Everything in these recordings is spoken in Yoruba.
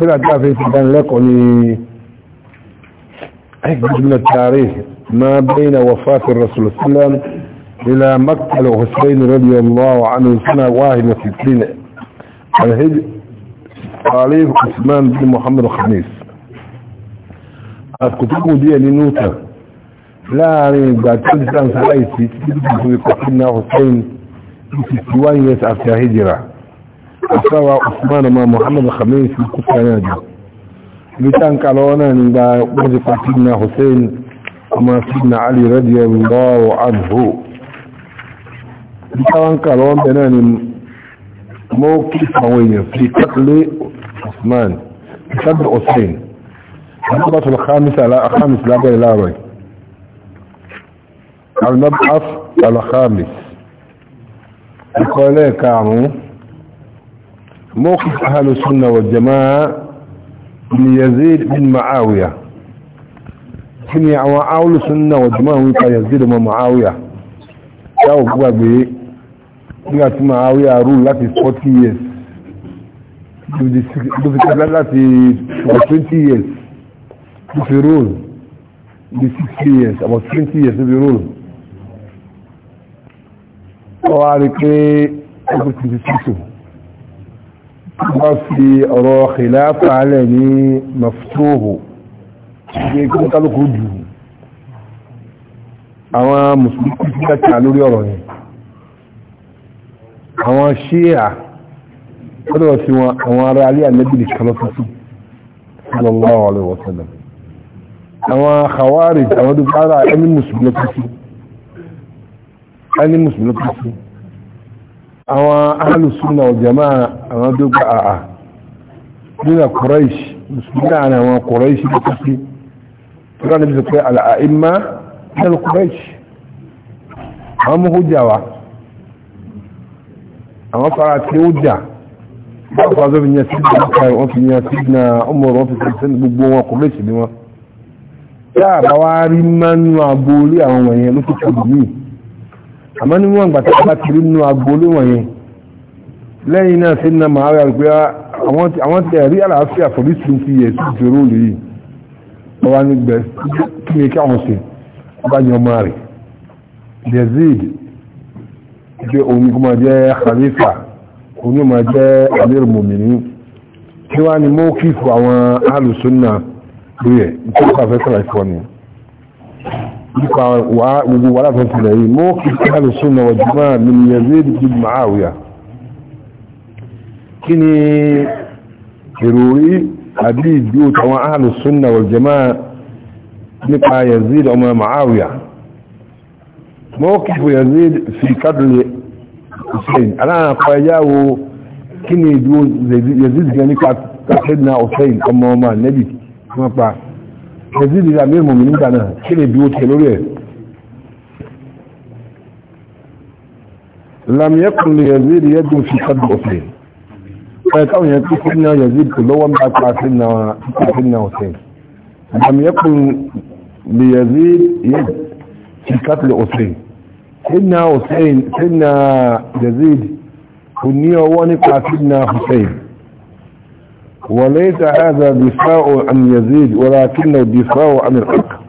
طلع في كان لقني هيك من التاريخ ما بين وفاة الرسول صلى الله عليه وسلم الى مقتل حسين رضي الله عنه سنة واحدة ستين الهج خليف عثمان بن محمد الخميس الكتب دي لنوتة لا يعني بعد كل سنة سلايسي تجد في حسين في 61 years هجرة asawa usman ma muhammad khamis kufana ji bitan kalo nan da wajen fatina hussein kuma sidna ali radiyallahu anhu bitan kalo nan موقف قوي في قتل عثمان بسبب حسين المبعث الخامسة على خامس لا غير لا غير المبعث الخامس يقول لك عمو موقف أهل السنة والجماعة من يزيد بن معاوية كن يعوى أهل السنة والجماعة ويقى يزيد بن معاوية ياو بقبي قلت معاوية رول لاتي 40 years دفت لاتي 20 years دفت رول دفت 60 years about 20 years دفت رول وعلى كي أبو تنسيسو wọ́n fi ọ̀rọ̀ khilafa lẹ̀ ní maftuhu ṣe kí wọ́n kálukú jù àwọn mùsùlùmí kú sí ẹ̀ka lórí ọ̀rọ̀ yẹn àwọn ṣíà lọ́dọ̀ sí wọn àwọn ará alẹ́ ànábì nìkan lọ́sọ̀ sí sallallahu alaihi wasallam àwọn khawarij àwọn dúpọ̀ ara ẹni mùsùlùmí kú sí ẹni mùsùlùmí kú sí àwọn ahlus sunna wal jamaa àwọn tó gba àà nígbà kọ́rẹ́ṣì musulmi náà ni àwọn kọ́rẹ́ṣì ló kú sí tó rà níbi sọ pé àlàáìmá náà kọ́rẹ́ṣì àwọn mú kó jà wá àwọn fara tí ó jà wọ́n fà zọ́fi yẹn sídìí ọkàrí wọ́n fi yẹn sídìí na ọmọ ọ̀rọ̀ fi sẹ́ni gbogbo wọn kọ́rẹ́ṣì ni wọn tí àbá wá rí mánú agboolé àwọn wọ̀nyẹn ló fi kọ́ àmọ́ ní wọ́n gbà bá ti rí nínú agboolé wọ̀nyẹn lẹ́yìn náà sí ní màáwí àgbé àwọn tẹ̀ rí àlàáfíà fòrí sí ti yẹ̀ sí ìjòrò lè yìí ọwá ní gbẹ̀ kí ní káwọn sí ọba ní ọmọ rẹ̀ Yazid jẹ́ òun kó máa jẹ́ khalifa òun yóò jẹ́ amir mòmìnì tí wá ní mọ́ kí fún àwọn alùsùnà lórí ẹ̀ nítorí pàfẹ́ sọ̀rọ̀ ìfọ́ ni nípa gbogbo wàhálà tó ń tilẹ̀ yìí mọ́ kí alùsùnà wà jùmọ́ min Yazid kí ni ìròrí àbí ìdíò tàwọn ahlus sunna wal jamaa nípa yazid ọmọ ma'áwíyà mọ́kífù yazid fi kádùlẹ̀ hussein aláàkọ́ ẹyáwó kí ni ìdíò yazid gan nípa kásẹ́dìna hussein ọmọ ọmọ nẹ́bì wọ́n pa yazid ìlàmílì لم يكن ليزيد يد في قد حسين فكان يتكلنا يزيد كلوا ما تعرفنا تعرفنا وسيم لم يكن ليزيد يد في قتل أسين سيدنا أسين سيدنا يزيد كنية ونقع سيدنا حسين وليس هذا دفاع عن يزيد ولكنه دفاع عن الحق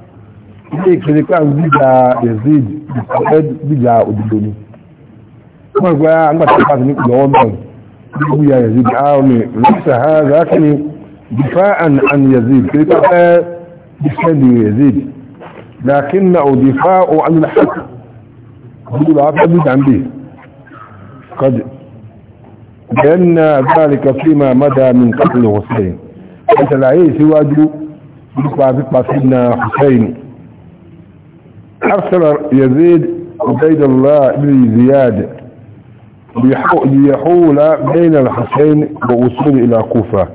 ليك اللي كان بيجا يزيد بيجا أدلوني ما قال عندك حاجة نقول يا يزيد عاوني ليس هذا كني دفاعا عن يزيد كيف يسند يزيد لكنه دفاع عن الحق يقول عبد عن به قد لأن ذلك فيما مدى من قتل حسين أنت العيه سواجه يقع بقى سيدنا حسين أرسل يزيد عبيد الله بن زياد ليحول بين الحسين بوصول إلى كوفة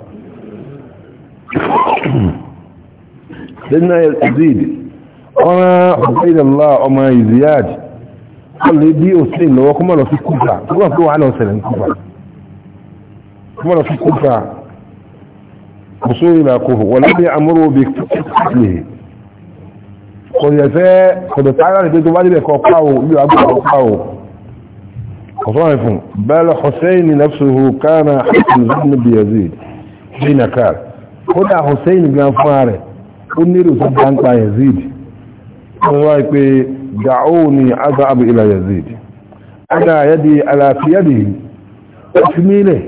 لنا يزيد أنا عبيد الله أما زياد قال لي دي أسلين لو كما لو في كوفة كما في على وسلم كوفة كما لو في كوفة وصول إلى كوفة ولم يأمروا بقتله قد يفاء قد تعالى لتدو بعد بيكوكاو يعبد كوكاو وطائف بل حسين نفسه كان حسن بيزيد حين قال خدع حسين بن فارس onírò tó bá ń pa yazid wọ́n wá pé dàó ni azaab ila yazid ana yadi aláfíyàdì ìfimílẹ̀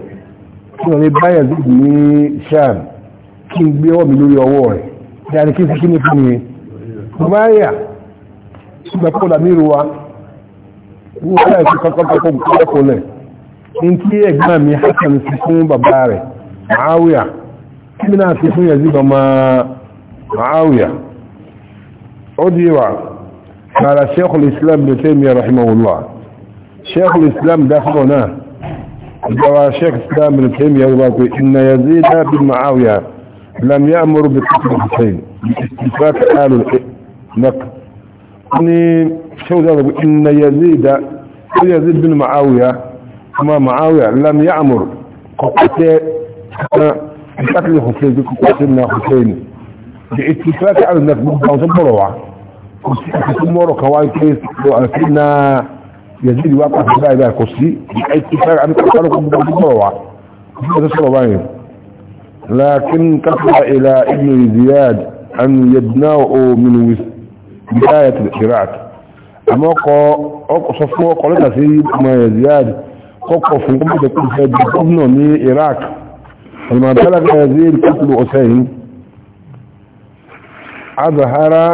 tí wọ́n lè bá yazid ní sham kí n gbé ọmọ lórí ọwọ́ rẹ̀ dáadé kí n fi kí ní fún mi báyà ṣùgbọ́n kọ́lá mírò wa wọ́n fẹ́ sí kọ́kọ́kọ́ kọ́kọ́ lẹ̀ ní tí ẹgbẹ́ mi Hassan sí fún bàbá rẹ̀ Muawiya kí mi náà sí fún Yazid ọmọ Muawiya ó di wa kàrà Sheikh al-Islam ibn Taymiyyah rahimahullah شو ذلك إن يزيد يزيد بن معاوية ما معاوية لم يأمر قطعة قتل حسين قتلنا حسين باتفاق على الناس مقبع وصبروا وصبروا كواي كيس وقالتنا يزيد واقع في بقى بقى كسي باتفاق على الناس مقبع وصبروا لكن كفر الى ابن زياد ان يدناه من بداية الحراك àmọ́ kọ sọ fún ọkọ̀ lẹ́tà sí ọmọ ẹ̀zíyàdì kọ́kọ́ fún gómìnà kúrò fẹ́ di gómìnà ní Iraq almadala ka zai kúrò ọ̀sẹ̀yìn azahara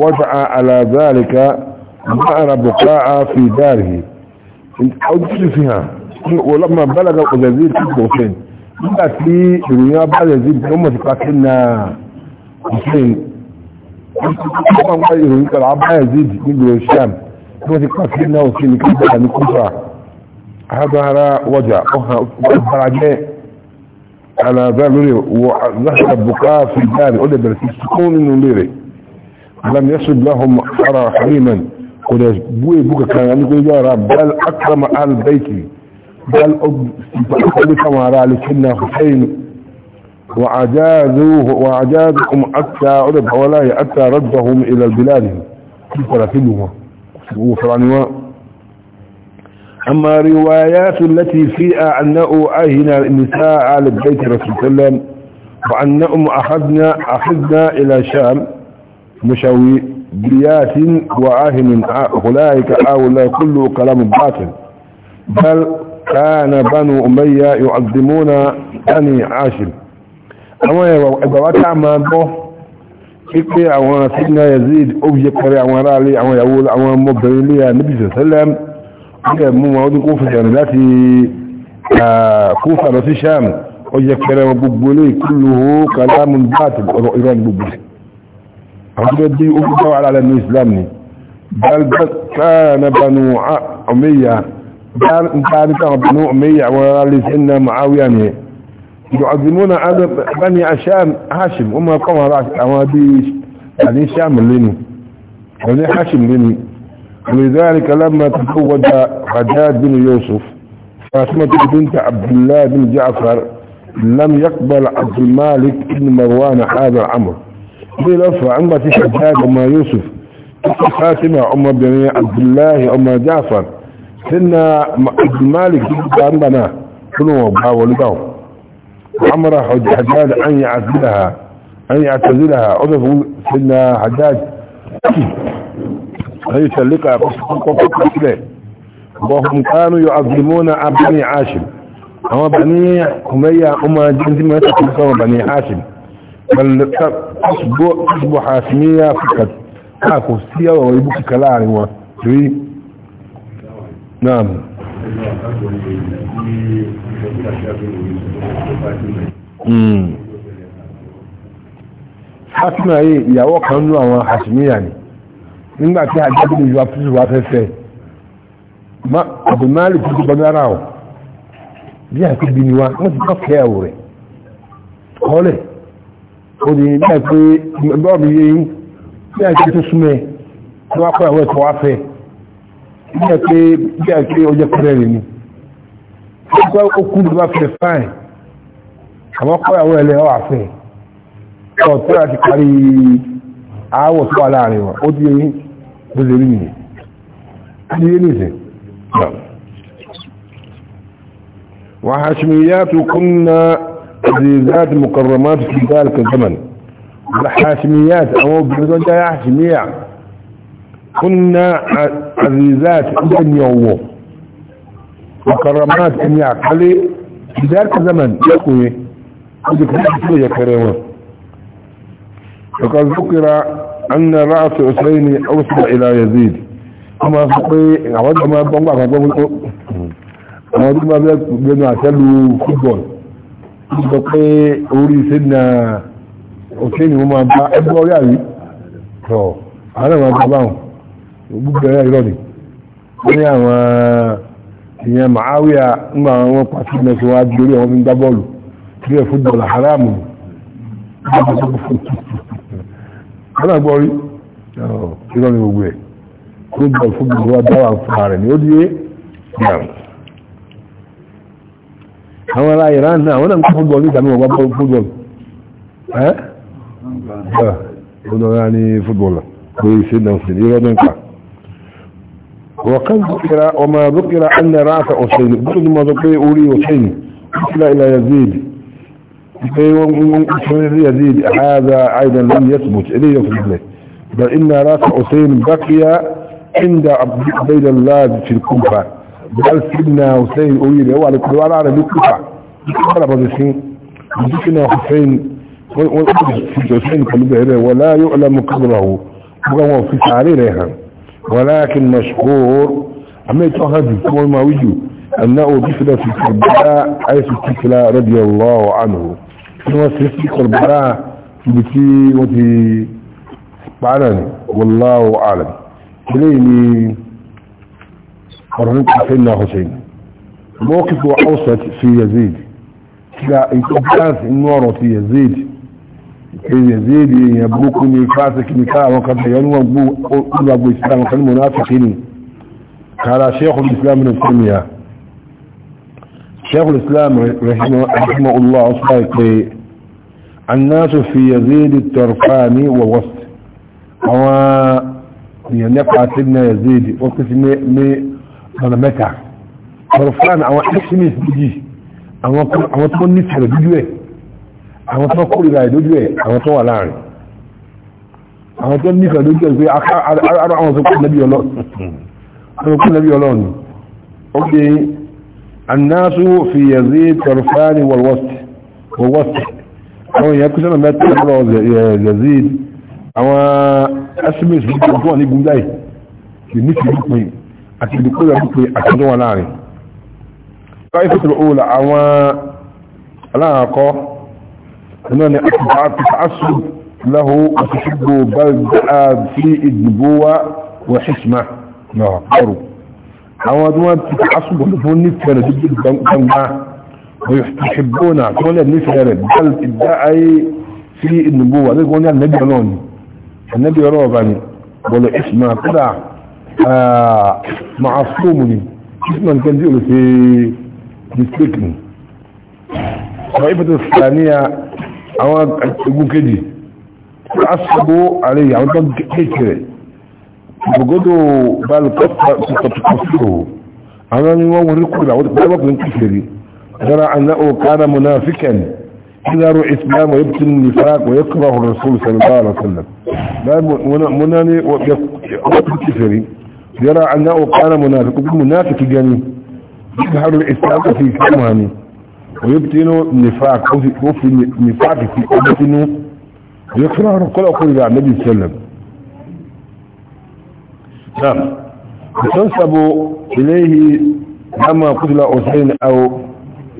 wata alazalika ma'ara buka'a fi darihi ojúṣì fi hàn wọlọ́mà balaga ọ̀zẹ̀zí kúrò ọ̀sẹ̀yìn nígbà tí ìròyìn abáyẹ̀zí wọ́n wá ìròyìn kan abáyé zid nílùú sham tí wọ́n ti pa sí náà sí ní kíkọ́ ní kúfà àádọ́ra wọ́jà ọ̀hàn ọ̀bára jẹ́ àlàáfíà lórí wọ àzáṣà bùkà fi dáàrí ó lè bẹ̀rẹ̀ sí sukún nínú lérè alam yasub lahum ara hariman kò dẹ̀ bú èbú kankan ní kó yára bal akrama al baiti bal ọgbà ìpàdé káwọn ará alìkínà hussein وعجازوه وعجازهم حتى عرب حوالي حتى ردهم إلى البلاد فلافلهم وفرانواء أما روايات التي فيها أنه أهن النساء على بيت رسول الله عليه وسلم وأنهم أخذنا, أخذنا إلى شام مشوي بيات وآهن أولئك هؤلاء كله كلام باطل بل كان بنو أمية يعظمون بني عاشم àwọn ẹgbàwá tá máa gbọ́ pípé àwọn sínú yazid oúnjẹ pẹ̀rẹ̀ àwọn aráalé àwọn ìyàwó àwọn ọmọbìnrin ilé níbi ìṣẹ̀sẹ́lẹ̀ nígbà mú wọn ọdún kó fẹ̀rẹ̀ láti kúfà lọ sí sham oúnjẹ pẹ̀rẹ̀ wọn gbogbo ilé ìkúlù hó kalamun bat ọ̀rọ̀ iran gbogbo àwọn tó bí ó gbogbo ara lẹ́nu islam ni bẹ́ẹ̀nabanu ọmọ ìyà bá يعظمون بني عشام هاشم هم يقوم عواديش يعني شام لني يعني هاشم لني ولذلك لما تزوج حجاج بن يوسف فاطمة بنت عبد الله بن جعفر لم يقبل عبد المالك بن مروان هذا الامر بلفة عمة حجاج أم يوسف فاسمة أم بن عبد الله أم جعفر سنة عبد المالك بن عمنا كلهم ولدهم امر حجاج ان يعتزلها ان يعتزلها أضف سيدنا حجاج ان يسلقها وهم كانوا يعظمون بني عاشم اما بني هم اما ما تكون بني عاشم بل تصبح حاسميه فقط اكو سيا ويبوك كلاري نعم hatima yìí ìyàwó kan nú àwọn hasimiya ni nígbà tí ajábìlì yóò afẹ́fẹ́ wá fẹ́fẹ́ àbùmáàlì tó ti bọ́ nára ọ̀ bí àti bí ni wá wọ́n ti kọ́kẹ́ ẹ̀wò rẹ̀ kọ́lẹ̀ ó di bẹ́ẹ̀ pé bọ́ọ̀bù yìí bí àti tó súnmẹ́ tí wọ́n kọ́ ẹ̀wọ́ ẹ̀kọ́ wá fẹ́ẹ́ bí a pé bí a pé ọjọ́ pẹ́rẹ́ rẹ̀ ni ọkọ̀ okùn ló bá fẹ́ fáìn àwọn kọ́ ìyàwó ẹlẹ́ ọ̀ àfẹ́ ọ̀tọ́ láti parí àáwọ̀ tó wà láàrin wọn ó di وحاشميات كنا عزيزات مكرمات في ذلك الزمن الحاشميات أو بردون جاء كنا عزيزات أن يوو وكرمات أن يعقلي بذلك زمن يقوي يقول كيف يا كريمة وقد ذكر أن رأس حسين أوصل إلى يزيد أما فقي أود ما بنقع أود ما بنقع سلو فوتبول فقي أولي سنة حسين هما بقى أبو يعي أنا ما بقى gbogbo ẹ̀rọ ìrọ̀ ni wọ́n ní àwọn èèyàn màáwíà ń gba àwọn pàṣẹ mẹ́sàn wá lórí àwọn fi ń gbá bọ́ọ̀lù bí ẹ̀ fútbọ̀lù haramu wọ́n náà gbọ́ rí ìrọ̀ ni gbogbo ẹ̀ fútbọ̀lù fútbọ̀lù wá dáwà fún ààrẹ ni ó di é àwọn ará Iran náà àwọn náà ń kọ́ fútbọ̀lù ní ìdáná wọn gbá fútbọ̀lù ẹ́ ọ̀dọ̀ ní fútbọ̀lù kò ì sí náà sí ìrọ̀ náà وقد ذكر وما ذكر أن رأس حسين بلد ما ذكر أولي حسين مثل إلى يزيد يزيد هذا أيضا لم يثبت إليه يثبت له بل إن رأس حسين بقي عند عبد الله في الكوفة بل سيدنا حسين أولي هو على كل وعلى عربي الكوفة قال بذلسين ذكرنا حسين حسين قلبه ولا يعلم قدره وهو في تعليلها ولكن مشهور عمي تهدي كما ما أنه بفدة في كربلاء حيث التكلا رضي الله عنه كما سيسي كربلاء بتي وتي بعلاني والله أعلم كليني قرنك سيدنا حسين موقف أوسط في يزيد لا يتبقى النور في يزيد èèyàn zéèdì èèyàn burúkú ni fásitì ni ká àwọn kan tẹ̀yẹ́ níwọ̀n gbó olùgbàgbó islam kan mọ̀ náà fìkì ni kára sheikhul islam ní tẹ́mìyà sheikhul islam rahimahullah ọ̀sán àìpé annáṣọ fi yazidi tarfani wa wast àwọn èèyàn nípa sí ní yazidi wọ́n kì sí ní ọ̀nà mẹ́ta tarfani àwọn extremist àwọn tó kórìíra ìlójú ẹ̀ àwọn tó wà láàrin àwọn tó nífẹ̀ẹ́ lójú ẹ̀ pé ara àwọn tó kún lẹ́bí ọlọ́run ó pé annáṣú fi yẹ̀zí tọrfáàní wọ̀lwọ́sì àwọn èèyàn kú sọ́nà mẹ́ta lọ́rọ̀ yẹ̀zí àwọn estimates bí i tó wà ní gúndáì kì ní fi dúpin àti ìdíkóyà dúpin àti هنا أتبع تتعصب له وتحب بلدأ في النبوة وحكمة نعم àwọn tí wọ́n ti asùgbò fún nífẹ́ rẹ̀ títí gbangba ìṣìbónà tí wọ́n lè nífẹ́ rẹ̀ bẹ́ẹ̀ ti dá ayé sí ìnùgbò wà nígbà wọ́n ní ànẹ́bí ọlọ́run ni ànẹ́bí ọlọ́run bá ní bọ̀lọ̀ ìṣìmá kódà máa fóòmù ni ìṣìmá nìkan tí olùsè mistake ni ọ̀rọ̀ ìfẹ́tẹ̀ sàníyà àwọn egun kejì asọ́bó àrẹ àwọn tó kéèkì rẹ̀ gbogbo balùkọ́ pọ̀tọ̀pọ̀tọ̀ àwọn ni wọ́n wọ́n rí kúrò àwọn tọ́lọ́pọ̀ kéèkì ترى أنه كان منافكا يدار الإسلام ويبتل النفاق ويكره الرسول صلى الله عليه وسلم لا مناني ويكفري يرى أنه كان منافق منافق جاني يظهر الإسلام في كمهني ويبتن نفاق وفي نفاق في قبتنه ويقرأ كل أقول يا النبي صلى الله عليه وسلم نعم وتنسب إليه لما قتل حسين أو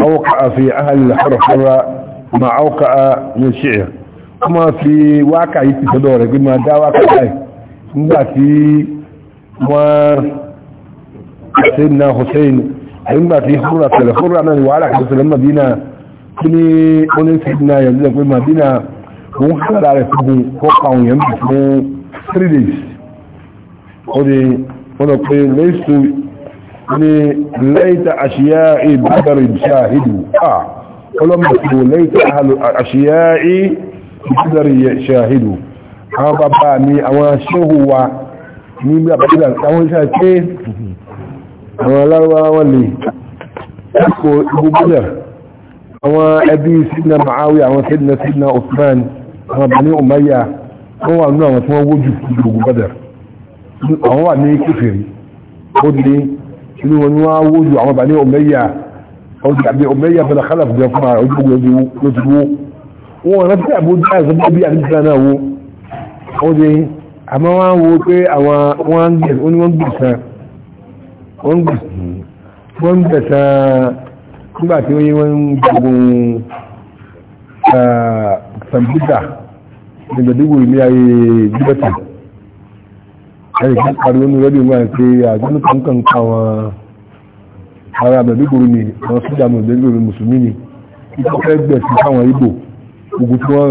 أوقع في أهل الحرحرة ما أوقع من شعر كما في واقع يتفدور يقول ما دا واقع أي ما في ما سيدنا حسين àyíngbà tí húnra tẹ̀lẹ̀ húnra náà ni wàhálà kan tẹ̀lẹ̀ madina kí ní oníṣẹ́dínà yẹn lọ pé madina òun hàlà rẹ̀ fún kọ́pà òun yẹn fún three days ó ní wọ́n lọ pé lẹ́sù ní lẹ́yìntà àṣìyá ìbábẹ̀rẹ̀ ìṣàhìdù à ọlọ́mọ̀sọ̀ lẹ́yìntà àṣìyá ìbábẹ̀rẹ̀ ìṣàhìdù àwọn bàbá mi àwọn ṣéhùwa ní bí àwọn alárúwá wọn lè kó ibú bílẹ̀ àwọn ẹbí sídìnà ma'áwí àwọn sídìnà sídìnà osman àwọn bani umayya wọ́n wà nínú àwọn tí wọ́n wójú ìgbògbò bọ́dẹ̀ àwọn wà ní kèfèrí ó ní inú wọn ni wọ́n wójú àwọn bani umayya ọjọ́ àbí umayya bẹ̀rẹ̀ kálàfù jẹ fún àwọn ojú ojú lójú wó wọn rántí àbójá ìsọ́gbọ́ bí àdíjá wọ́n gbà wọ́n gbẹ̀ta nígbà tí wọ́n gbogbo sàmbúdà nígbàdígbò ilé ayé gbẹ́tì ẹ̀rì kí pariwo ní rẹ́díò wà pé àgbẹ̀lú kan kan ká wọn ara àbẹ̀dígbò ni àwọn sójà mọ̀lẹ́gbò ni mùsùlùmí ni ìtọ́fẹ́ gbẹ̀sí fáwọn ibò ogun tí wọ́n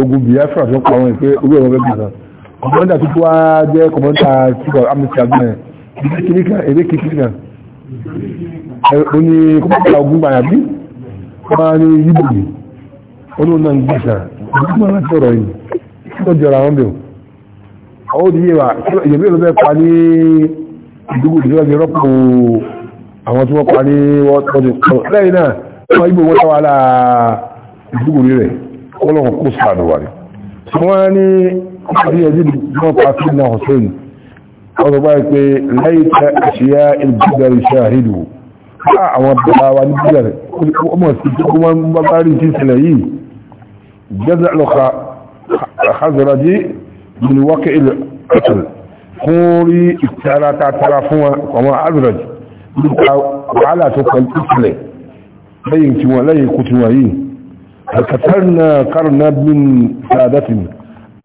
ogun Biafra tó pa wọn pé orí ọ̀rọ̀ bẹ́ẹ̀ kọmọ́ndà tó wá jẹ́ kọmọ́ndà síkọ̀ amnesty agbẹ́ ebe kìkìkà o ní kọmọ́ndà ogun bàyà bí máa ní yíbò ní olóòna ń gbèsà ìgbìmọ̀ láti ọ̀rọ̀ yìí tó jọra wọn bẹ̀rù ọwọ́ di yíwa ìyẹ̀bí olóòfẹ́ pa ní ìdúgbò tó wájú rọ́pò àwọn tí wọ́n pa ní wọ́tọ́jú lẹ́yìn náà wọ́n yíbò wọ́n táwa láà ìdúgbò rẹ̀ ọlọ́run kó sàánù wà ní bí ẹbí náà pàtí náà hussein ọdọ̀ báyìí pé láìka àṣíyá ìgbìgbàrí ṣàhìdù àwọn bàbáwa ní bílẹ̀ ọmọ sí tó kó wọ́n bá bá rí sí sílẹ̀ yìí jẹ́zà lọ́ka àhàzọ́rọ̀dí ní wákẹ́ ilẹ̀ ọ̀tọ̀l fún rí ìtara tààtara fún ọmọ àzọ́rọ̀dí nípa wàhálà tó pẹ̀lú sílẹ̀ lẹ́yìn tí wọ́n lẹ́yìn kú tí wọ́n yìí àkàtàrínà kárùnà bí sàádátìmì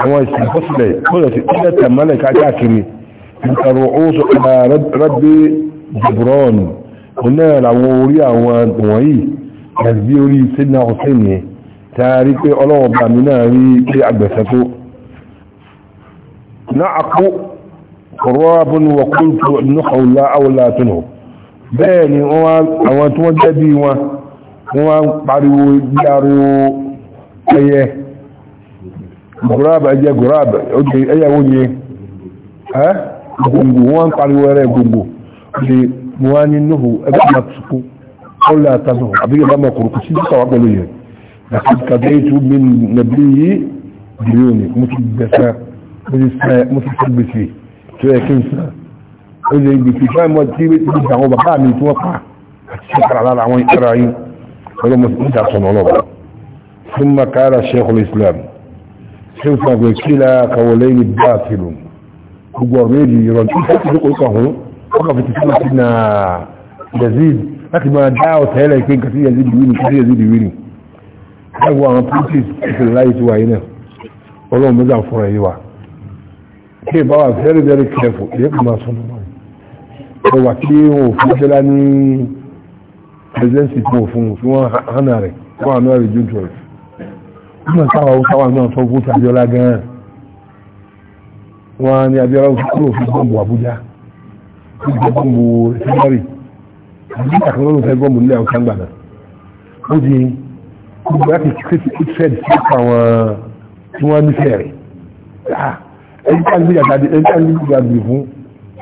àwọn ìsìnkọ́sílẹ̀ kọ́lọ̀ sí ilẹ̀ tàmàlẹ̀ káàkiri ìtàrò oóso ọ̀nà rabbi jibron náà àwọn orí àwọn wọ̀nyí gàzbí orí sínà hussein yẹ tààrí pé ọlọ́wọ̀bà mi náà rí pé àgbẹ̀sẹ̀tó na àkó kọ̀rọ̀bùn wà kúrùtù nùkọ̀ọ̀lá àwọlá tùnù bẹ́ẹ̀ ni gùrábà jẹ́ gùrábà ojú ẹyàwó yẹ ẹ́ gbogbo wọ́n pariwo ẹrẹ gbogbo ṣe wọ́n ní nóhù ẹgbẹ́ ìgbà tukú ọlọ́ àtàzọ̀ àbíyẹ bá mọ̀kùrù kù sí sọ̀wọ́ pẹ̀lú yẹ kàdé tu mi nàbí yìí dìrò ni mo ti gbẹ̀sẹ̀ mo ti sẹ́ gbèsè tó yẹ kí n sàn ó lè gbèsè fún ẹmọ tí ó ti gbà bàbá mi tí wọ́n pa àti sẹ́kàrà lára àwọn ìtara yìí ọlọ́mọ ti dà sọ̀nà ọlọ́ba ثم قال شيخ الإسلام ṣíkà pé kílá kàwọlé ní báàkìlù gbogbo ọ̀rọ̀ èdè ìrọ̀ tí ó ti kọ́ ọ̀hún ọkà fi ti sílẹ̀ sí na yazid láti máa dá ọ̀tẹ́lẹ̀ pé nǹkan sí yazid wíni kí yazid wíni láìwọ àwọn princes ìṣẹ̀lẹ̀ láyé ti wáyé náà ọlọ́run mẹ́ta fúnra yìí wa kí ẹ bá wà very very careful ìyẹ́ kò máa sọnù mọ́ wà kí wọn fún ṣẹlá ní presidency fún òfin fún wọn rẹ̀ fún àná rẹ̀ jù jù rẹ̀ nígbà táwọn haúsáwà náà sọ fún tàbíọ́lá gan-an wọ́n ní abíọ́lá kúrò fún bọ́ọ̀mù àbújá fún bọ́ọ̀mù sẹ́mọ́rì àbí àkàrà ló fẹ́ bọ́ọ̀mù nílẹ̀ haúsá gbàgbà ó di gbogbo láti kéèkì fẹ́ẹ̀dì sí àwọn tí wọ́n ní fẹ́ẹ̀rẹ̀ ah, ẹni tí a ń gbé àtàdé ẹni tí a ń gbé àtàdé fún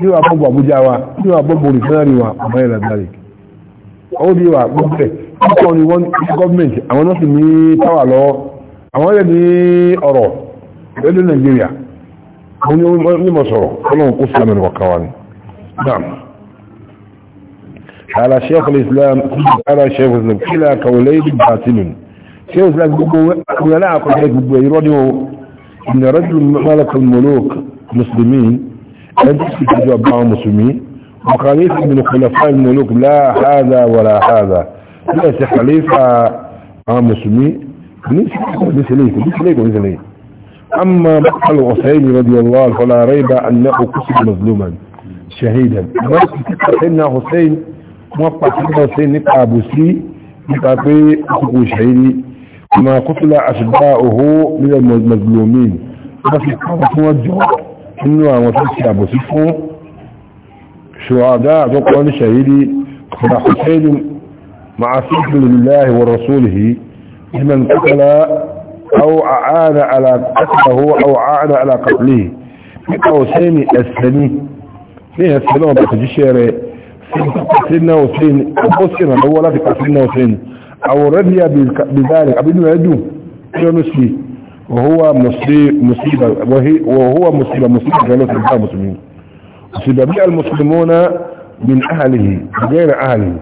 ní wàá bọ́ọ̀mù àbújá wa ní wàá bọ́ọ̀mù rìfẹ́nárì wa ọ̀mọ́ ìlàdàrí ó di wà gbogbo ẹ̀ kíkọ́ ni wọ́n gọ́ọ̀mẹ̀ntì àwọn nọ́ọ̀sì ní táwà lọ́wọ́ àwọn ẹ̀dẹ̀ ọ̀rọ̀ ẹ̀dẹ̀ nigeria wọ́n ni mọ́ sọ̀rọ̀ ọlọ́run kó fílẹ̀ mẹ́rin wọ̀kọ̀wà ان رجل ملك الملوك المسلمين يجلس في جواب بعض المسلمين وخليفة من خلفاء الملوك لا هذا ولا هذا ليس خليفة مع المسلمين ليس ليك ليس ليك ليك أما مقتل عسيم رضي الله عنه فلا ريب أنه كسب مظلوما شهيدا سيدنا حسين موقع سيدنا حسين نبقى أبو سي نبقى في أخوه شهيدي ما قتل أشباؤه من المظلومين بس يقام توجه إنه وتسي أبو سيفه شهداء ذقوا شهيدي فلا حسين مع سيد لله ورسوله لمن قتل او اعان على قتله او اعان على قتله او سيني السني فيها السنة بخجي شيري سنة وسين او سنة هو لا وسين او رضي بذلك ابن يدو يونسي وهو مصيبة وهي وهو مصيبة مصيبة جلوس المسلمين مصيبة بيع المسلمون من اهله غير اهله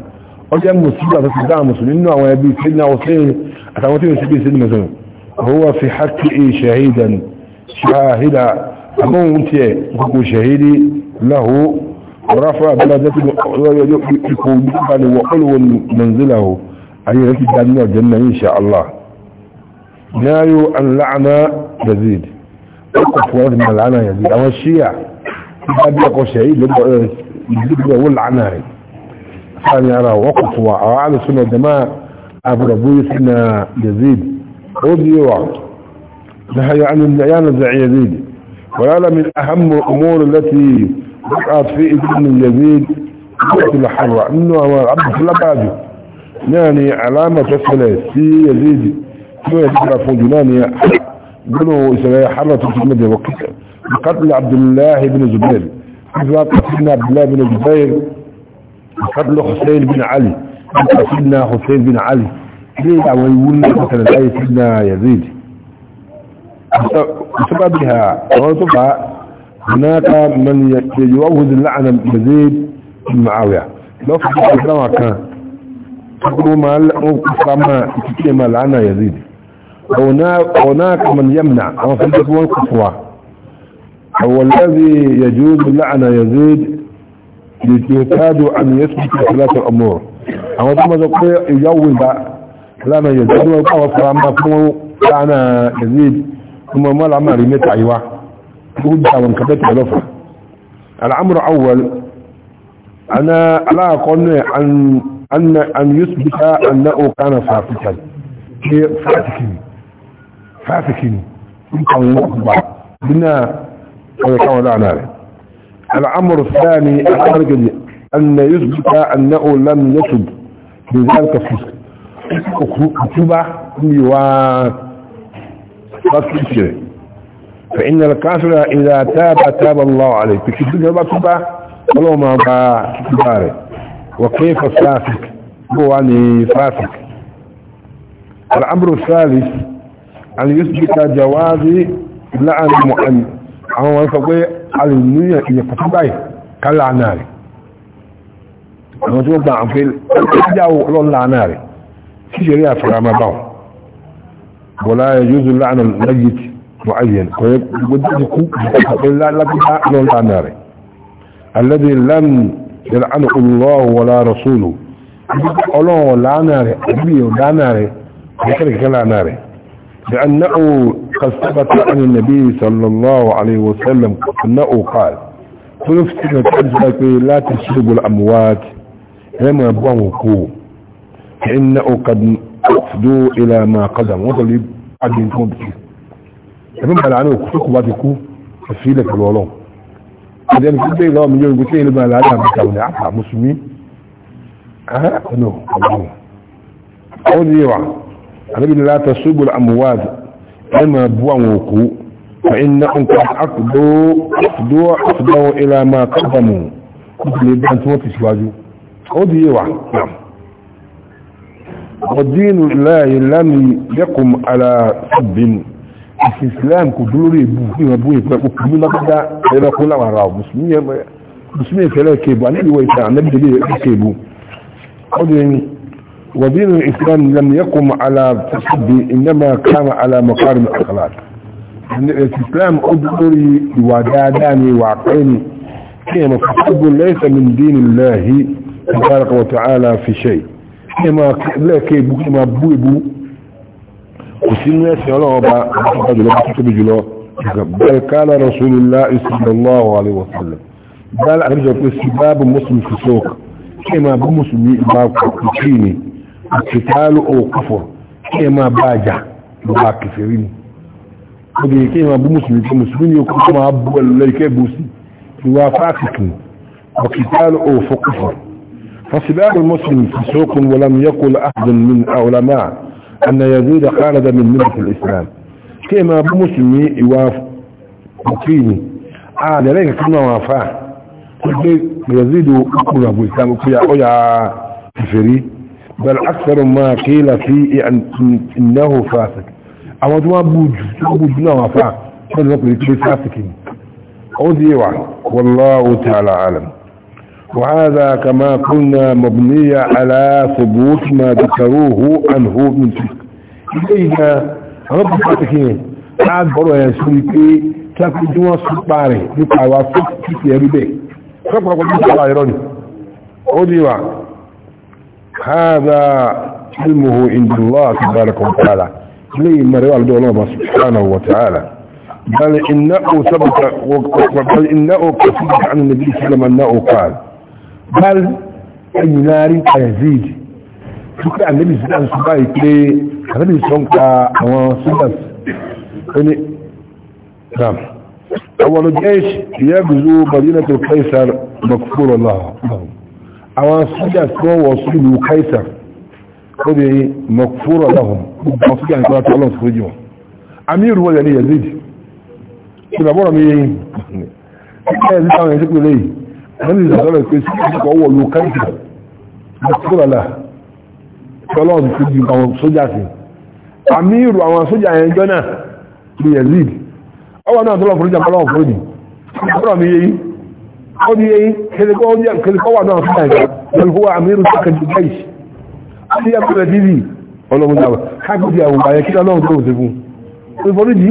وجاء مصيبة تسدع المسلمين وهو يبي سيدنا وسين اتواتي tí ó sì bí هو في حقه إيه شهيدا شاهدا أمون انت هو شهيدي له ورفع درجته ويقول وحلو منزله أي ركي جنة الجنة إن شاء الله نايو أن لعنى يزيد أقف ورد من لعنى يزيد أو الشيع يقول يقول شهيد يزيد يقول لعنى ثاني أراه وقف وعلى سنة جماعة أبو سنة يزيد رضي وعد نهي يعني النعيان زع يزيد ولا من أهم الأمور التي وقعت في ابن يزيد وقت الحرة إنه عبد الفلباجه يعني علامة تسألة في يزيد كما يتبع فوجنان قلوا إسلاء حرة وقت قتل عبد الله بن زبير قتل عبد الله بن زبير قتل حسين بن علي سيدنا حسين بن علي ليه ويقول مثلا اي سيدنا يزيد بسببها وصفها هناك من يؤود اللعنة يزيد بن معاوية لو فكرت الكلام كان تقولوا ما موقف ما لعنة يزيد هناك من يمنع أو فلتك القصوى هو الذي يجوز اللعنة يزيد يجتهد أن يثبت ثلاثة الأمور àwọn tó mọ́sọ pé ìyáwó ìgbà lánàá yẹ̀ tó wọ́n pàwọ́ fara máa fún wọn lánàá ẹ̀zíd tó mọ́ mọ́lá máa rí mẹ́ta yíwá tó gbà àwọn nǹkan mẹ́ta lọ́fà al'amuru awwal ana aláàkọ́ náà an yusbita annahu kana fasikan ke fasikin fasikin in kan wọ́n ba dina ọ̀rẹ́kawọ́ lánàá rẹ̀ al'amuru sani al'amuru أن يثبت أنه لم يتب بذلك الفسق كتبة ميوات فإن الكافر إذا تاب تاب الله عليه بكتبه بكتبة ولو ما باع وكيف الفاسق هو أني فاسق الأمر الثالث أن يثبت جوازي لعن المؤمن أو يفضي على النية إذا كتبه كالعناري àwọn tí wọ́n gba àwọn fẹ́lẹ̀ ìjáwó ọlọ́lá náà rẹ̀ kí ṣe rí àfẹ́ramá báwọn bọ̀lá yóò lánà lẹ́yìn mọ̀ ayẹn kò yẹ gbogbo ti kú ọlọ́lá náà rẹ̀ alẹ́dẹ̀ lánà yẹ̀rẹ̀ àná olùlọ́wọ́ wọlá rasúlù ọlọ́wọ́ lánà rẹ̀ àbí lánà rẹ̀ kẹ́kẹ́kẹ́ lánà rẹ̀ لأنه قد ثبت عن النبي صلى الله عليه وسلم أنه قال تنفتك لا تسلب الأموات هما بوان كو فإنه قد أفدوا إلى ما قدم وطلب عدين كون بكي ẹ̀fún bàlá ní òkú tó kù bá ti kú ìfilẹ̀ pẹ̀lú ọlọ́run ọdẹ ní kíkẹ́ ìlọ́wọ́ mi yóò gbé sẹ́yìn lóba aláàdá àbíkà òní àpà mùsùlùmí ọ̀nà ọ̀gbọ̀n ó ní wa àbíbi ní láta ṣubúlù àmúwáàd ẹ máa òkú fa iná nǹkan àkùdó àkùdó àkùdó ìlà máa kọ́ bàmù kó قضي نعم ودين الله لم يقم على حب الإسلام كدوري بوهي وبوهي وكمي مقدا إلا كل ما رأوا مسلمية مسلمية فلا كيبو أنا اللي ويتا أنا بدي كيبو ودين ودين الإسلام لم يقم على تحدي إنما كان على مقارن الأخلاق الإسلام أدوري وداداني وعقيني كما تحب ليس من دين الله tabaraka wa ta'ala fi shay ẹ máa lẹ́ẹ̀kẹ́ ìbú kí máa bú ìbú kò sí ní ẹ̀sìn ọlọ́wọ́ bá àtúntà jùlọ bá tóbi jùlọ bẹ́ẹ̀ kálá rasulullah sallallahu alaihi wasallam bẹ́ẹ̀ àríjọ pé sí báàbù muslim fi sọ́ọ̀k kí ẹ máa bú musulmi ìbá kìkì ni àti tààlù ò kọfọ̀ kí ẹ máa bá àjà ìbá kìfèrí ni obìnrin kí ẹ máa bú musulmi kí musulmi ni ó فسباب المسلم فسوق ولم يقل أحد من علماء أن يزيد خالد من ملك الإسلام كما بمسلمي يواف مقيني عاد لك كما وافاه يزيد أقول أبو الإسلام أقول يا كفري بل أكثر ما قيل فيه أن أنه فاسق أما دوا بوج بوج لا وافاه فلنقل فاسقين أوذي والله تعالى عالم وهذا كما قلنا مبني على ثبوت ما ذكروه عنه من تلك إذا رب فاتحين قاعد بروا يا سوريكي تاكل جوا سباري في واسط كيف يريبي خبر قد لك الله يروني أوليوا هذا علمه عند الله تبارك وتعالى ليه رواه على الله سبحانه وتعالى بل إنه ثبت بل إنه كثير عن النبي صلى الله عليه وسلم أنه قال bal ẹ̀yìn láàrin ayazid tukẹ́ àlẹ́bì sí àwọn ṣùgbà ìpé àlẹ́bì sọ́nkà àwọn sudan ẹni ram àwọn olùjẹ́ṣ ìyẹ́gùzú madina tó kaisar makfúrò láàrín àwọn sudan tó wọ́ sílù kaisar ó di makfúrò láàrín gbogbo sudan tó látọ́ ọlọ́run fúrú jùlọ amíru wọ́n yẹ ní yazid ìbàbọ̀rọ̀ mi yẹ yìí wọ́n ní ìsọ̀rọ̀ pé sí ìsìnkọ̀ owó olú kẹ́ǹtì ìsìnkọ̀lá tọ́lọ́n ti di àwọn sójà sí àmírù àwọn sójà yẹn jọ náà ní Yazid ọwọ́ náà tọ́lọ́ fúrújà kọ́lọ́ fúrújì ọ̀rọ̀ mi yé ó ní yé kẹ́lẹ́kọ́ wà náà sójà yẹn pẹ̀lú àmírù kẹ́kẹ́jì báyìí ó ní yẹ kúrẹ́ dìbì ọlọ́mọdé àwọn káàkiri àwọn àyẹ kí lọ́wọ́ tó ṣe fún ìfọ̀rújì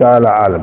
ta'ala alam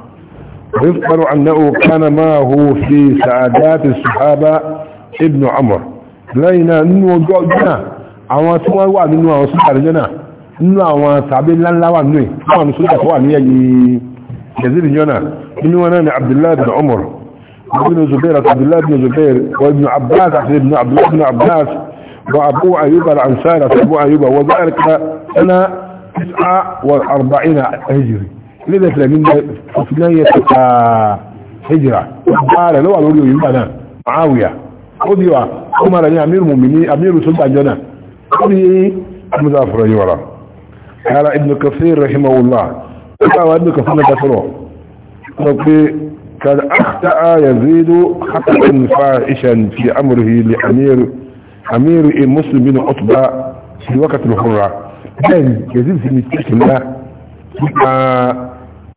يذكر أنه كان معه في سعادات الصحابة ابن عمر لينا نو جوجنا او تو وا نو او سكر جنا نو او تابين لان لا وان ني او نو سكر كو ان يي يزيد جنا ابن وانا عبد الله بن عمر ابن زبير عبد الله بن زبير وابن عباس ابن عبد الله بن عباس وابو ايوب الانصاري ابو ايوب وذلك انا 49 هجري لذا تلقين فتنية حجرة قال لو أقولوا يبقى معاوية قضيوا عمر أني أمير مؤمنين أمير سلطان جنة قضي مزافر أيوة قال ابن كثير رحمه الله قال ابن كثير نكثره نقضي قد أخطأ يزيد خطأ فاعشا في أمره لأمير أمير المسلم بن قطبة في وقت الحرة كان يزيد في مستشفى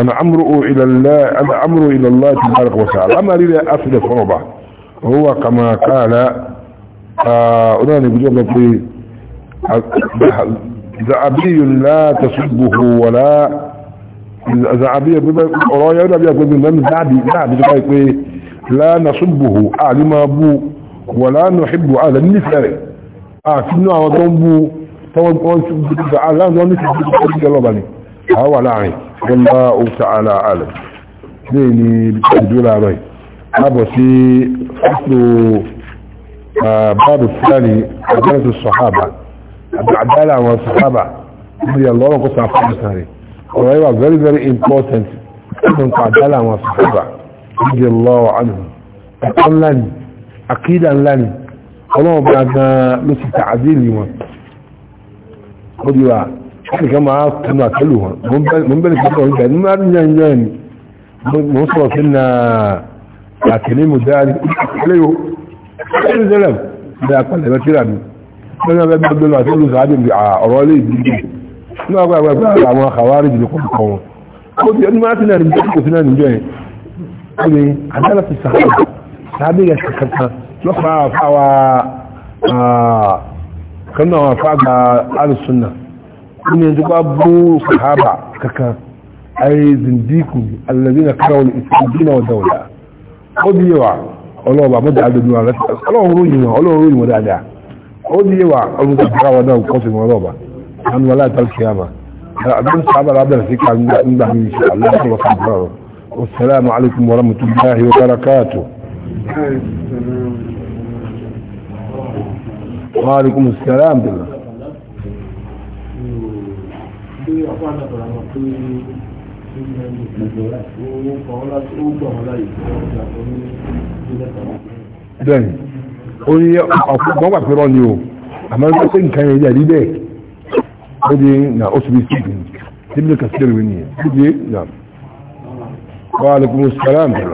أنا أمره إلى الله أنا أمره إلى الله تبارك وتعالى أما إلى أفضل فربة هو كما قال أولاني نقول في زعبي لا تسبه ولا زعبي رأي أنا بيقول من ذعبي ذعبي ذعبي لا نسبه أعلم آه، أبو ولا نحب هذا النفر أعلم أبو تقول آه، لا نسبه أعلم أبو àwà láàrin wọ́nlá òta àlà àlẹ̀ ní ní ìdúró láàrin lábọ̀ sí fásitò báàbù fúlàní àjẹ́rẹ́sì sọ̀hábà àdáàlà àwọn sọ̀hábà ní ọlọ́rọ̀ kó sàn fún very very important fún àdáàlà àwọn sọ̀hábà ní ọlọ́rọ̀ ànú ẹ̀kọ́ ńlá ni àkídà ńlá wa nìkan máa kunu àtẹ́lù wọn mo ń bẹ̀rẹ̀ pẹ̀lú ọ̀hún ìgbà nínú àdúgbò ẹ̀yẹ ni mo ń sọ̀rọ̀ sínú àtẹ̀lé mo dáa ní ilé yóò ṣẹlẹ̀ ṣẹlẹ̀ ní apàlẹ̀ ẹ̀rọ tíra mi lọ́nà ẹ̀rọ bẹ́ẹ̀ bẹ́ẹ̀ lọ àti olùsọ àdìm ọ̀rọ̀ ilé ìdíje nínú àgbà àgbà àgbà àwọn àkàwárí jìnnà kọ́ kọ́ wọn ó ti ẹni máa ti náà níjọ́ kò sí náà níjọ́ yẹn ó ní àdára ti sàkóso sábẹ́ yẹn kankan lọ́kàn àwọn afáwa kan náà àwọn afáàgbà alùsùn náà من يجبابوا صحابة ككا أي زنديكم الذين كرهوا الإسلامين والدولة قد يوع الله بابا دعا دعا الله رويني الله رويني ودعا دعا قد يوع الله كرهوا دعا وقسم الله بابا عن ولا تالكيامة أدن صحابة العبد الفكرة عند إن شاء الله صلى الله عليه وسلم والسلام عليكم ورحمة الله وبركاته وعليكم السلام بالله pé ọkọ àdàbọ̀rà mọ̀ pé bẹ́ẹ̀ni ó ní ọ̀pọ̀ wà pẹ́rọ ni o àmọ́ ní pẹ́ nǹkan ẹ̀yà rí bẹ́ẹ̀ ó ní na ó ṣubí sí ìdùn tí bí lókà sílẹ̀ nìyẹn ó ní na wà á lókùn sàrán bẹ̀rẹ̀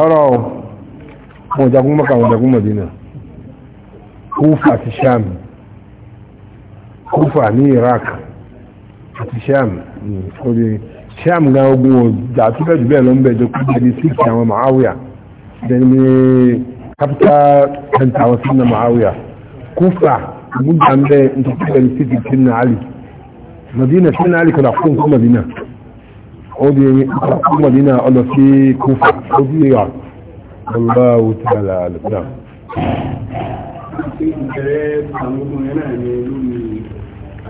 ọ̀rọ̀ wọn jagun mọ́ka wọn jagun kúfà ti sham kúfà ní iraq àti sham kòdì sham gan ogun ọjà tó bẹ́ẹ̀ jù bẹ́ẹ̀ lọ ń bẹ̀ jọ kú jẹ́bi sí ti àwọn ma'awiya then ní capital center àwọn sínú ma'awiya kúfà ogun jà ń bẹ́ nítorí bẹ́ẹ̀ sí ti sínú ali madina sínú ali kọ̀dà fún kú madina ó di kọ̀dà fún madina ọlọ sí kúfà ó di yà Allahu ta'ala alam pé ìbẹ̀rẹ̀ àwọn ogun yẹn náà ní lórí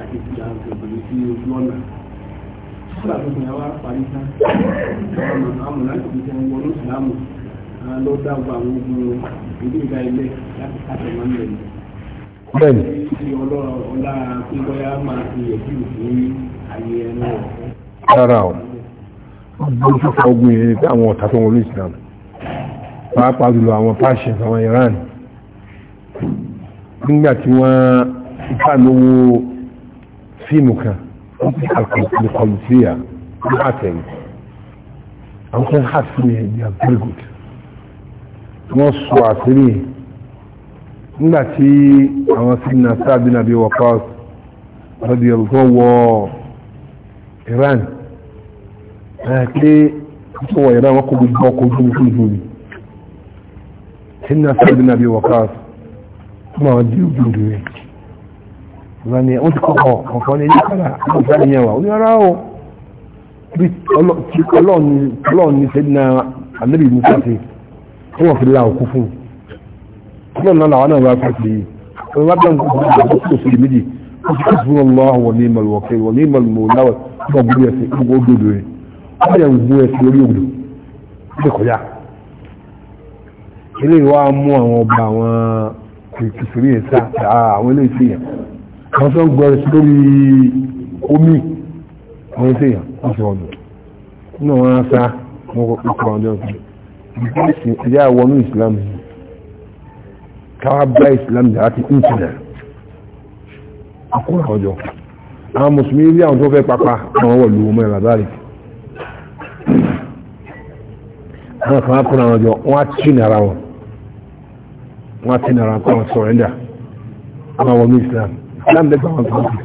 àti ìjà òbèrè sí ojú ọ̀nà nígbà tó kùn yẹn wá parí tán ọ̀nà àmọ̀ láti fi jẹun wọnú ìsìlámù lọ dáàbò àwọn ogun ìlú ìgbà ilẹ̀ láti káàkiri máa ń lẹ̀ bẹ́ẹ̀ni. ti ọlọ́rọ̀ ọlá pínpọ́yà máa fi ẹ̀jú Iran nígbà tí wọ́n ìpànówó fíìmù kan alkọlùsíyà ní àtẹ̀yìn àwọn kan hà sí ẹ̀ ní very good wọ́n sọ àṣírí nígbà tí àwọn sínà sáàbí nàbí wọ́pọ̀ rọ́dí ọ̀gọ́ wọ Iran pé wọ́n wọ Iran wọ́n kó gbogbo ọkọ̀ ojú omi sínà sáàbí nàbí wọ́pọ̀ ọmọ ọdí ògbòdò rẹ̀ ìwà ni ó ti kọ́kọ́ ọ̀kan ní ìyíkọ́lá ọ̀gá ìyẹn wà onírárá o bí ọlọ́run ní sẹ́dínà àlẹ́bí mú pàṣẹ tí wọ́n fi la òkú fún ọlọ́run náà làwọn náà wá pàṣẹ wọ́n wá dáhùn kókò ní ọjọ́ tó sèlè méjì ó ti kókò fún ọlọ́run wọ̀ ní ìmọ̀lù ọ̀kẹ́ wọ̀ ní ìmọ̀lù mọ̀ láwọ̀ tí wọ́n gbúdọ̀ ẹ̀sẹ̀ gbogbo ògbòdò rẹ̀ wọ́n yẹ gbogbo ẹ̀sẹ̀ lórí ògbòdò ó ti kọjá ilé ìwà mú àwọn ọba àwọn kìfìrí yẹn sá ah, àwọn ilé ìsìn yẹn wọ́n sọ gbọ́ ẹ̀sìn lórí omi àwọn ilé ìsìn yẹn wọ́n sọ ọ̀dọ̀ nínú wọn á sá wọn kọ́ ọ̀pọ̀ ọjọ́ ìsìn ìsìn ìyá wọnú ìsìlámù yìí káwá bá ìsìlámù yìí láti ìtìlẹ̀ akọ́rọ̀ ọjọ́ àwọn mùsùlùmí rí àwọn tó fẹ́ pápá àwọn wọ̀ lù mọ́ ìlàbárì àwọn kan á kọ́rọ̀ ọjọ́ wọ́n á tì nára wọn wọ́n ti nara kọ́ wọn sọ̀rẹ́ndà wọ́n wọ́n ní islam islam lẹ́gbà wọn tó kù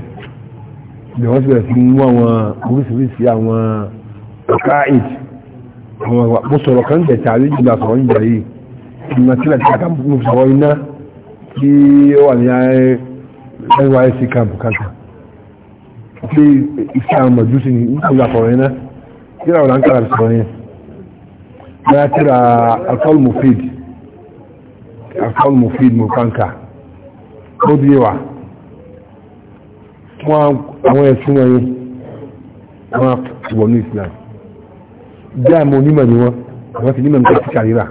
ìdè wọ́n ti bẹ̀rẹ̀ sí mú àwọn oríṣiríṣi àwọn ọ̀ká ìd àwọn mo sọ̀rọ̀ kan jẹ̀ tí àlejò ìgbà sọ̀rọ̀ ń jẹ̀ yìí ìmọ̀ sílẹ̀ tí a kà mo sọ̀rọ̀ iná tí ó wà ní eh, nysc camp kankan pé iṣẹ́ àwọn mọ̀júsí ní ìgbà sọ̀rọ̀ iná tí àwọn ọ̀làǹkà sọ̀rọ̀ yẹn bẹ́ẹ̀ tíra àkọlù mufid mufanka ó di wà wọ́n àwọn ẹ̀sùn wọ̀nyí wọ́n wọ̀ ní islam jẹ́ àmọ́ onímọ̀ ni wọ́n àwọn ti nímọ̀ nípa kíkà rírà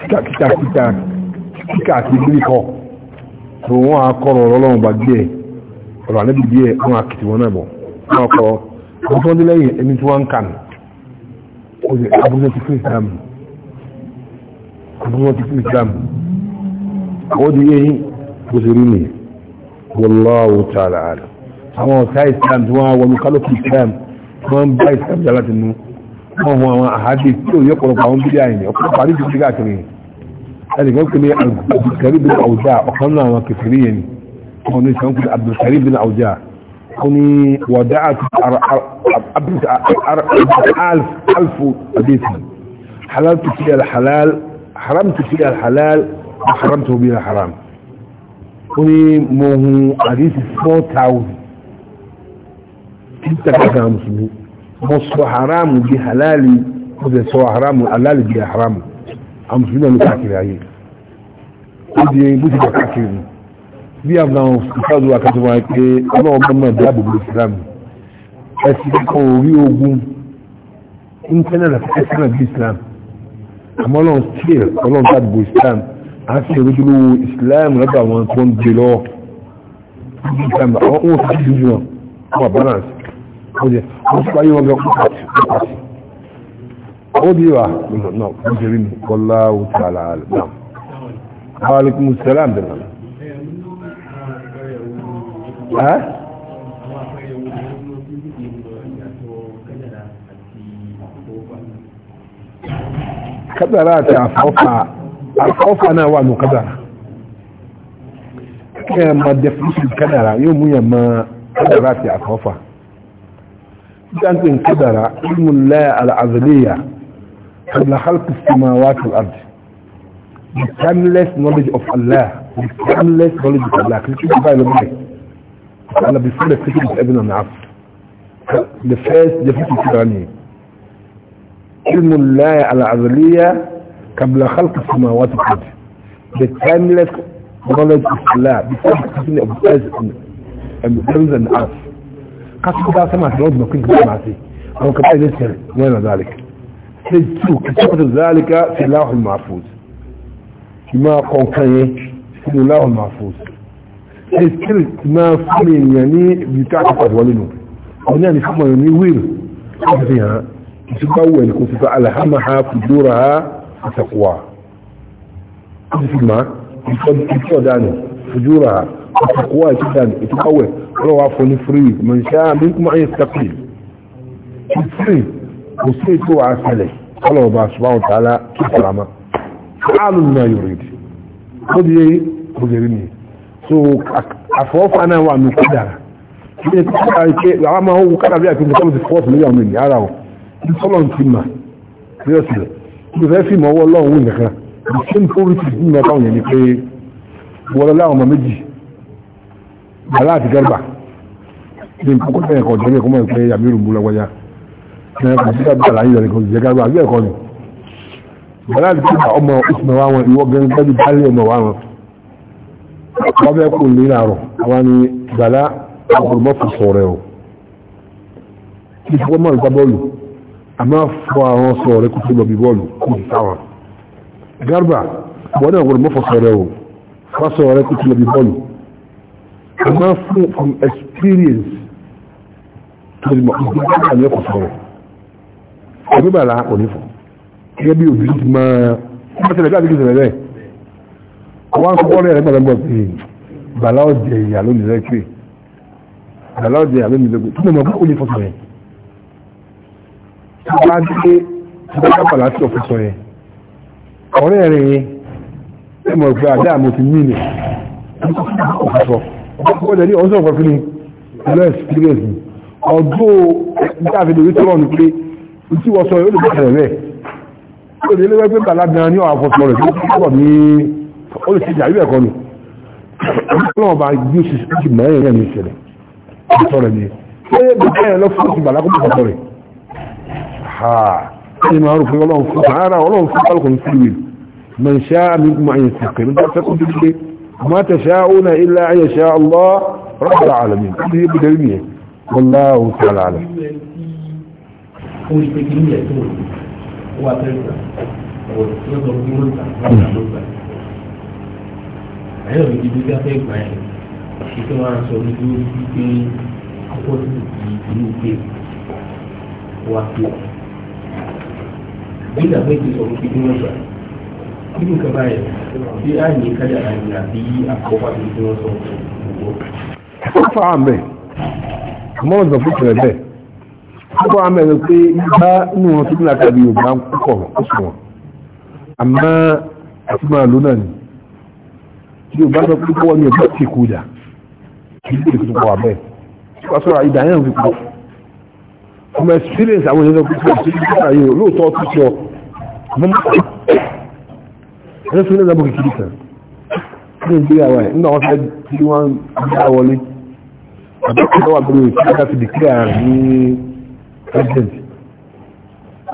kíkà kíkà kíkà kíkà àti ìbílí kọ́ tó wọ́n á kọ́ ọ̀rọ̀ ọlọ́run bá díẹ̀ ọ̀rọ̀ àlẹ́bí díẹ̀ wọ́n á kìtì wọn náà bọ̀ wọ́n kọ́ àwọn tó ń dé lẹ́yìn ẹni tí wọ́n ń kà ní abúlé ti fún islam abúlé ti fún islam قد يهي بزريني والله تعالى عالم هو سايس كام دواء ومخلوق الكام كام بايس كام جلات النوم هو هو حديث يقرب عن بجاين يقرب عليك بجاك مين قال لك ممكن عبد الكريم بن عوجاء وقالنا ما كثيرين هو نيس ممكن عبد الكريم بن عوجاء هوني ودعت عبد الف الف حديثا حلال تفيد الحلال حرمت فيها الحلال haramtu bí i haram ó ní mo hun àdísì 4,000 tí takàtà musulmi mo sọ haramu bí halali mo sì sọ haramu halali bí haramu a musulmi náà ló káàkiri ayé ó di ẹyin bó ti bá káàkiri mu bí i àwọn ìfàdù akẹ́tọ̀wà pé ọlọ́wọ́ bá mọ̀ dáàbò bí islam ẹ̀sìn kan orí ogun internet àti ẹ̀sìn náà islam àmọ́ ọlọ́run still ọlọ́run dáàbò islam a ti rújúlówó islam lọ́dọ̀ àwọn tó ń gbé lọ́wọ́ àwọn ohun tó ti jù wọn wà balance ó jẹ́ ó ti parí wọn lọ pàtàkì ó di wa nínú náà ó ti rí mi kọ́lá ó ti àlà àlè náà bẹ̀rẹ̀ náà àkọ́fà náà wà ní kádàrà kí ẹ ma definition kádàrà yóò mú yẹ ma kádàrà àti àkọ́fà jantin kádàrà ilmu lẹ́yà al'azaliya kabla halki samawati al'ard the timeless knowledge of Allah the timeless knowledge of Allah kìí kí báyìí lọ́gbọ́n rẹ̀ ala before the creation of heaven and earth the first definition kádàrà ni ilmu lẹ́yà al'azaliya قبل خلق السماوات والارض بكاملة ضلت of Allah before the beginning of the earth and the heavens and the قصد بقى سمعت العظمى كنت بسمع فيه او كان عايز يسأل وين ذلك سجدوا كتبت ذلك في اللوح المحفوظ كما قوكاية في اللوح المحفوظ سجدت ما فمن يعني بتعتقد ولنه هنا نفهم يعني وير فيها تبقى وين كنت فعلها محا فجورها التقوى ما يتوداني فجورها التقوى يتوداني يتقوى ولو عفوني فري من شاء منكم أن يستقيم فري وصيت هو عسلي قال الله سبحانه وتعالى كرامة فعل ما يريد خذ يي خذ يريني سو عفوف أنا وعن مقدرة لما هو قدر لأكل مقامة الفوات مليون مني على هو صلى الله عليه وسلم ìfẹ́ fi mọ́ ọwọ́ lọ́wọ́ nìkan the same poverty ní ọba òyìn ni pé wọ́n láwọn ọmọ méjì bàlá àti gẹ́rùbà ní kókó tẹ̀yìn kan jẹ́ ẹ̀kọ́ mọ́ ìpè àmì ìrùmbú lọ́wọ́yá ní ẹ̀kọ́ sí ẹ̀bà láyé ìrọ̀lẹ́ kan jẹ́ gẹ́rùbà àbí ẹ̀kọ́ ni bàlá àti gẹ́rùbà ọmọ ìsìnà wa wọn ìwọ gẹ́gẹ́ bí bálé ọmọ wa wọn wọ́n bẹ́ẹ̀ kò ní àrọ̀ àwọn ni bàlá àkùrùmọ́ fòfò rẹ̀ o ìfowópamọ́ ìgbà a máa fọ àwọn sọ rẹ kó tó lọ bí bọ́ọ̀lù kó sì táwọn garba wọn náà gbọdọ̀ mọ́fọ́ sọ rẹ o fọ́ sọ rẹ kó tó lọ bí bọ́ọ̀lù a máa fún from experience tó lè mọ ìgbà gbàgbà ní ẹ̀kọ́ sọ̀rọ̀ ẹgbẹ́ bàlá òní fọ gẹ́gẹ́ bí òbí ti máa wọ́n ti rẹ̀ káàdì kìí sẹ̀rẹ̀ bẹ́ẹ̀ wọ́n kọ́kọ́ rẹ̀ gbàgbà pé bàlá ọ̀jẹ̀ ìyà lónìí lẹ́kẹ́ bàlá ọ̀jẹ̀ ìyà lónìí lẹ́kẹ́ tó mọ̀ mọ́ tó bá dé bọ́lá pàlásì ọ̀fíìsọ yẹn ọ̀rẹ́ rẹ̀ yẹn ẹ mọ̀ pé àdá àmọ́ ti mí nì ọ̀fíìsọ ọ̀fíìsọ ní ọ̀sán ọ̀fíìsọ ní ìlú experience ni ọdún nígbà fi lórí tọ́lọ̀ ni pé tí wọ́n sọ yóò lè bẹ̀rẹ̀ rẹ̀ ó lè lé wẹ́pẹ́ bàlá gan ní ọ̀fọ̀sọ rẹ̀ tó pọ̀ ní ó lè ti jà yóò ẹ̀kọ́ ni ọlọ́wọ́n bá gbé oṣù sí mẹ́rin rẹ̀ ní ìṣẹ̀lẹ̀ ọ̀sọ̀ ها كل ما الله سبحانه والله خلق الكل من شاء منكم ان يستقيم ما تشاءون الا ان يشاء الله رب العالمين هذه بدليل والله تعالى اعلم àyẹ̀wò yana mai da tsoro cikin wasa cikin ka baya sai an yi kada a yi rafi a kofa cikin wasa kọ́fà àmì àmọ́ ọ̀dọ̀ fún ìtẹ̀lẹ̀ bẹ́ẹ̀ kọ́fà àmì ẹ̀rọ pé bá inú wọn tún láta bí yorùbá ń púpọ̀ oṣù wọn àmọ́ àti máa lónà ni yorùbá sọ pé kọ́wọ́ ni ọjọ́ ti kú ìdà kì í sì kú pọ̀ abẹ́ wọ́n sọ̀rọ̀ ìdà yẹn ń fi pọ̀ ọmọ experience àwọn èèyàn kúkú ìṣẹ́lẹ̀ ayé lóòótọ́ tó ṣọ mọ́ ẹ̀rẹ́ fún ẹ̀rọ kìkìrì kan ní ìgbéyàwó ẹ̀ nígbà wọ́n fẹ́ tí wọ́n gbá wọlé àbẹ́kọ̀ọ́ wà bẹ̀rẹ̀ tí wọ́n fi dìkìrì ààrẹ ní president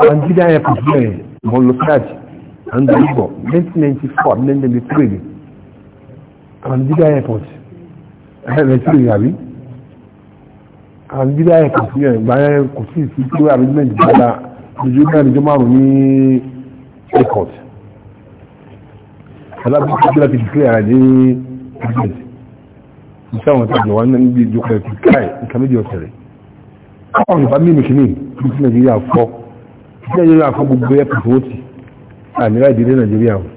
àwọn jíjá ẹ̀ kò fún ẹ̀ mọ́lọ́kàj àndàlúbọ̀ 1994 1993 àwọn jíjá ẹ̀ pọ̀ ẹ̀rẹ́ tí ó yàrí àgbídá ẹ̀ kò sí ẹ̀ gbà ẹ̀ kò sí sí pé arrangement gbàdá lójú náà níjọ́ márùn ní airport alábí tó gbéra ti declare ní president iṣẹ́ àwọn tó jọ wá ní ibi ìjókòó ẹ̀kú káì nǹkan méjì ọ̀sẹ̀ rẹ̀ káwọn nípa mímì kìíní ní sí nàìjíríà fọ́ sí nàìjíríà fọ́ gbogbo ẹ̀kú tó ti àmì láì dé nàìjíríà wọn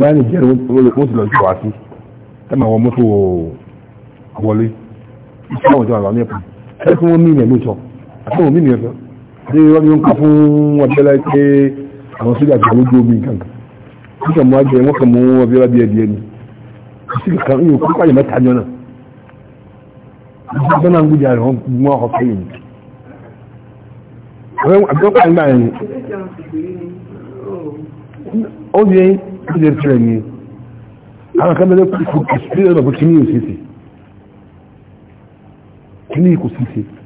báyìí nìjẹ́rì wọ́n ti lọ sí ẹ̀kú wọn mímẹ̀ ló sọ àti wọn mímẹ̀ sọ ṣé wọ́n ní wọ́n kọ́ fún abiola pé àwọn sójà tó lójú omi kankan wọ́n kàn mú abiola wọ́n kàn mú abiola bí ẹbí ẹni kò sí kankan yóò kó pàyẹ mẹ́ta jọ náà wọ́n bá náà ń gbúdà rẹ̀ wọ́n mú ọkọ̀ kẹ́yìn abiola pàyẹ gbà yẹn ó yẹ ó yẹ tẹ̀lé ni àwọn kan bẹ́ẹ̀ kú kìsìtì ẹ̀rọ kò kí ní òṣèṣì kí ni